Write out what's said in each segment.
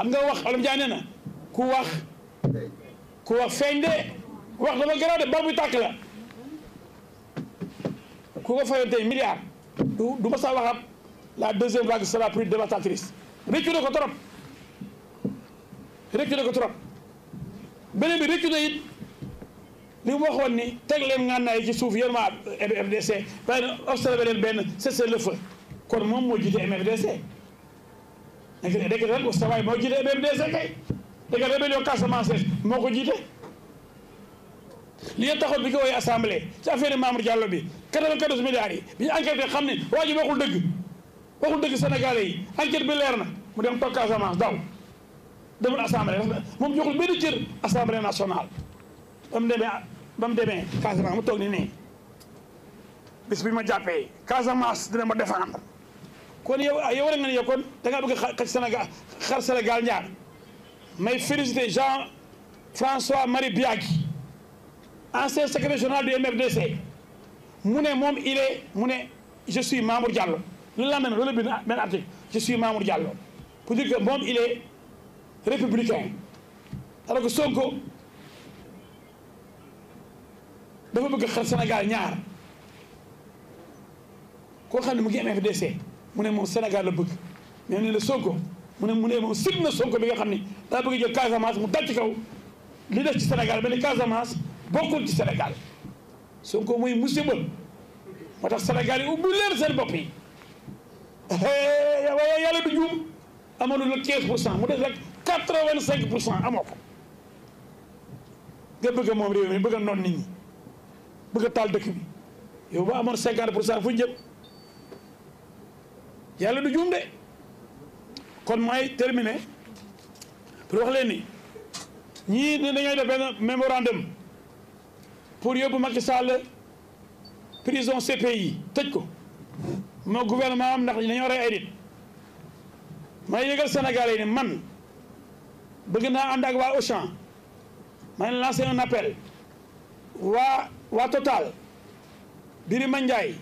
xam nga wax olof jaa na ku wax ku wax feeñ de wax dafa garaaw de bal bu tàkk la ku ko fayoon tey milliard du du ma saa waxaat la deuxième vague sera plus dévastatrice réccu na ko trop réccu na ko trop beneen bi réccu na it li waxoon ni teg leen ngànnaay ci suuf yéen waa MFDC pare observé leen benn cessez le feu kon moom moo jiite MFDC dëgg la ustawaay moo jiite MMDC kay dëgg la rébellion Casamance moo ko jiite. li ngeen taxoon bi ko woowee assemblée ci affaire Mamour Diallo bi 94 milliards yi bi ñu enquête xam ne waa ji waxul dëgg waxul dëgg Sénégalais yi enquête bi leer na mu dem toog Casamance daw demul assemblée moom joxul benn cër assemblée nationale ba mu ba mu demee Casamance mu toog ni nii bis bi ma jàppee Casamance dina ma défendre. kon yow ah, yow rek nga ne yow kon da nga bëgg xar Sénégal xar Sénégal ñaar may féliciter Jean François Marie Biagi, ancien secrétaire général du MFDC mu ne moom il est mu je suis Mamour Diallo lu la même loolu la article je suis Mamour Diallo pour dire que mom il est républicain alors que Sonko dafa bëgg xar Sénégal ñaar ko xamni ne mu ngi MFDC. mu ne moom Sénégal la bëgg mais ne la Sonko mu ne mu ne moom sib na Sonko bi nga xam ni daa bëgg jël Casamance mu daj ci kaw li def ci Sénégal ba ne Casamance bokkul ci Sénégal Sonko mooy musiba moo tax Sénégal yi ubbi leen seen bopp yi waaye eh, yàlla du juum amalu la 15 pour cent mu des rek 85 pour cent amoo ko nga bëgg moom réew mi bëgg a noon nit bëgg a taal dëkk bi yow ba amoon 50 pour cent fu ñu jëm yàlla du juum de kon mooy terminé pour wax ni ñii dañooy def benn mémorandum pour yóbbu Macky Sall prison CPI tëj ko moo gouvernement am ndax dañoo rey ay nit may yëgal Sénégalais yi ne man bëgg naa ànd ak waa Auchan may lancé un appel waa waa Total Birima Ndiaye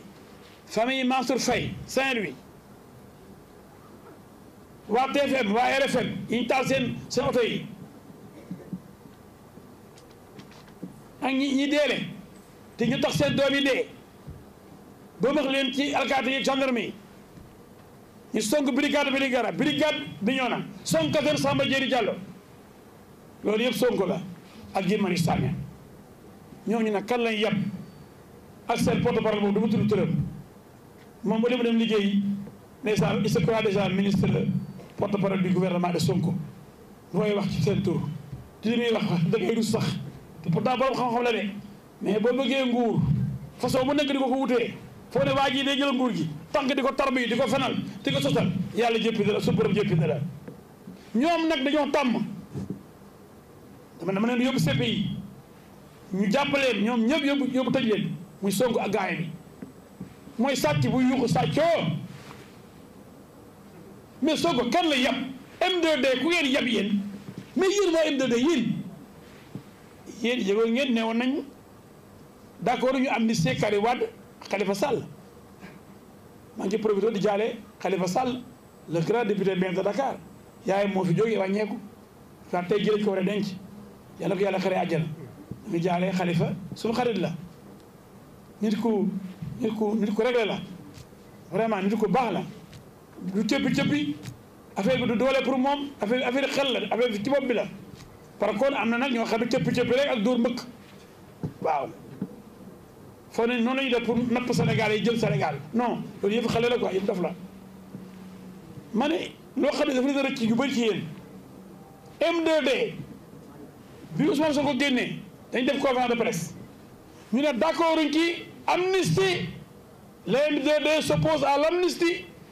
famille Mansour Faye Saint-Louis waa TFM waa RFM yi ñu taal seen seen oto yi ak ñi ñi te ñu tax seen doom yi dee ba max leen ci alkaati yi gendarme yi ñu sonk brigade Vélingara brigade Bignona sonk kër Samba Diéry Diallo loolu yëpp sonk la ak Guy Marius Sagna ñooñu nag kan lañ yàpp ak seen porte-parole boobu du ma tudd tërëm moom ba dem liggéey ndeysaan il se croit déjà ministre porte-parole du gouvernement de Sonko looy wax ci seen tur te li muy wax da ngay rus sax te pourtant borom xam-xam la de mais boo bëggee nguur façon bu nekk di ko ko wutee foo ne waa ji day jël nguur gi tànk di ko tarbi di ko fenal di ko sosal yàlla jëppi na la su borom na ñoom nag dañoo tàmm dama dama leen yóbbu CPI ñu jàppaleen ñoom ñëpp yóbbu yóbbu tëj leen muy Sonko ak gaay bi mooy sàcc bu yuuxu sàccoo mais Sonko kan la yab M2D ku ngeen yab yéen mais yéen waa M2D yéen yéen yëgoon ngeen newoon nañu d' accord ñu amnistie Karim Wade Khalifa Sall maa ngi profité di jaale Khalifa Sall le grand député maire de Dakar yaay moo fi jógee wàññeeku daa tey jëlee ko war a denc yàlla yàlla xaree àjjana ñu jaale Khalifa suñu la nit ku nit ku nit ko réglé la vraiment nit ku baax la. du cëppi cëppi affaire bi du doole pour moom affaire affaire xel la affaire bi ci bopp bi la par contre am na nag ñoo xam ne cëppi cëppi rek ak dóor mbëkk waaw foo ne noonu la ñuy def pour napp Sénégal yi jël Sénégal non loolu yëpp xale la quoi yëpp daf la ma ne loo xam ne dafa leen rëcc yu bëri ci yéen M2D bi Ousmane Sonko génnee dañ def conférence de presse ñu ne d'accord ci amnistie le M2D s'oppose à l'amnistie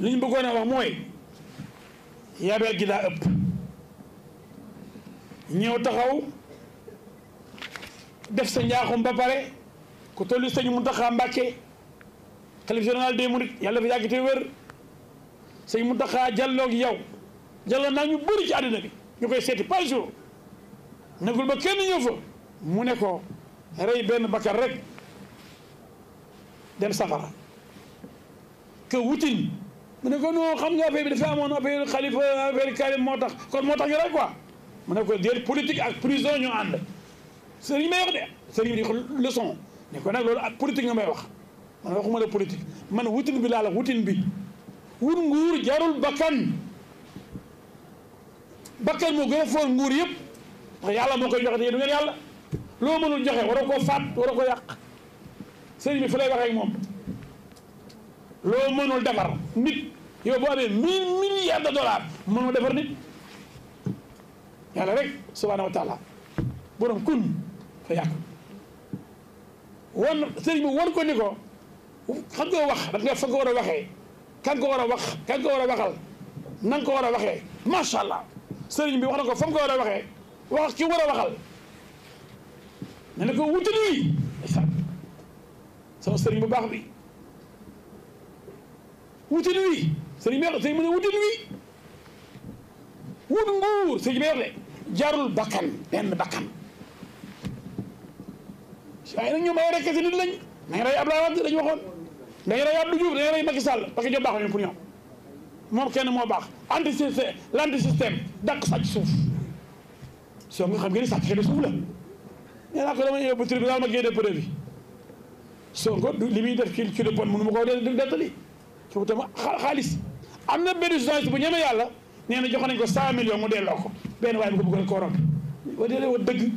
li ñu bëggoon wax mooy yabeel gi ëpp ñëw taxaw def sa njaaxum ba pare ku toll nii sëñ Mountakha Mbacké xalif de des mourides yàlla dafa yàgg te wér sëñ Mountakha jàlloog yow jàlloon naa ñu bari ci àddina bi ñu koy seeti par jour nekkul ba kenn ñëw fa mu nekkoo rey benn bakkan rek dem safara que wutin mu ne ko non xam nga affaire bi amoon affaire xalifa affaire Karim moo tax kon moo tax ñu rey quoi mu ne ko déet politique ak prison ñoo ànd sëriñ may wax de sëriñ bi ko ne ko nag loolu ak politique nga may wax man ne la politique ne wutin bi laa la wutin bi wut nguur jarul bakkan bakkan moo gën a nguur yëpp ndax yàlla moo koy joxe te du ngeen yàlla loo mënul joxe waroo koo faat waroo ko yàq sëriñ bi fa lay waxee ak moom loo mënul defar nit yow boo amee mille milliards de dollars mënul defar nit yàlla rek subhaanahu wa taala borom kun fa yàq wan sëriñ bi wan ko ni ko xam nga wax da nga fa nga war a waxee kan ko war a wax kan ko war a waxal nan ko war a waxee macha allah sëriñ bi wax na ko fa nga ko war a waxee wax ki war a waxal ne na ko wutal wi sama sëriñ bu baax bi wutil wi sëriñ bi wax sëriñ mu ne wutil wi wut nguur sëriñ bi wax de jarul bakkan benn bakkan waaye nag ñoom ay rekk si nit lañ nañ rey Abdoulaye Wade dañu waxoon nañ rey Abdou Diouf nañ rey Macky Sall parce que ñoom baaxul ñu pour ñoom moom kenn moo baax anti système l' anti système dàq sàcc suuf soo nga xam ngeen ni sàcc xëy na suuf la nee naa ko dama yóbbu tribunal ma génne preuve yi soo ko li muy def culture de pon mënu ma koo dettali ci wutam xaalis am na benn journaliste bu ñeme yàlla nee jox nañ ko 100 millions mu delloo ko benn waaye bu ko koo romb wa dee dëgg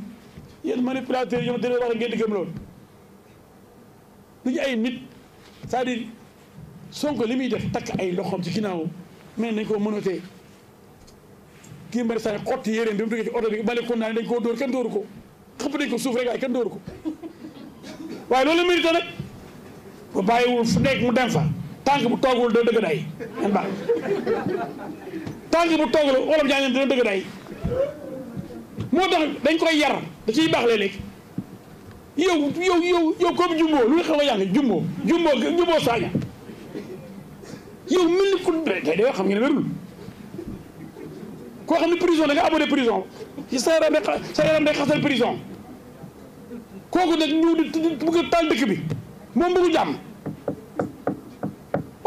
yéen manipulateurs yi ñoom dina wax ngeen li muy def takk ay loxoom ci ginnaawam mais nañ koo mënatee kii mbari saa xotti yéréen bi mu duggee naa ne dañ koo dóor ko ko suuf rek waaye kenn dóoru ko waaye loolu la mérite nag ba bàyyiwul fu nekk mu dem fa tànk bu toogul dana dëgg day bu toogul wolof jaa moo tax dañ koy yar da ciy baax léeg-léeg yow yow yow yow comme jumboo lu nga xam nga yaa ngi jumboo jumboo saaña yow mel ku tey day wax xam ngeen wérul koo xam ne prison da nga prison ci sa yaram day sa yaram day xasal prison kooku nag ñëw dëkk bi moom bëgg jàmm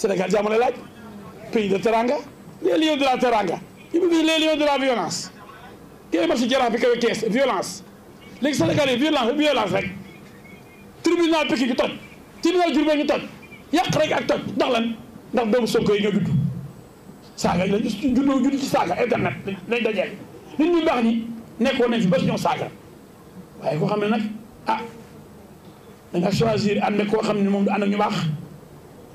Sénégal pays de teranga les lions de la teranga les de la violence bi violence les violence violence rek tribunal piki tribunal ni toj yak rek ak toj ndax lan ndax doomu sokoy ñu internet lañ dajé nit ñu ah choisir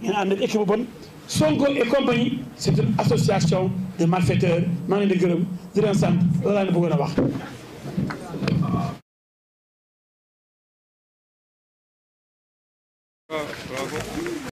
dina ànd et compagnie c'est une association de malfaiteurs malin de leen de gërëm la leen wax.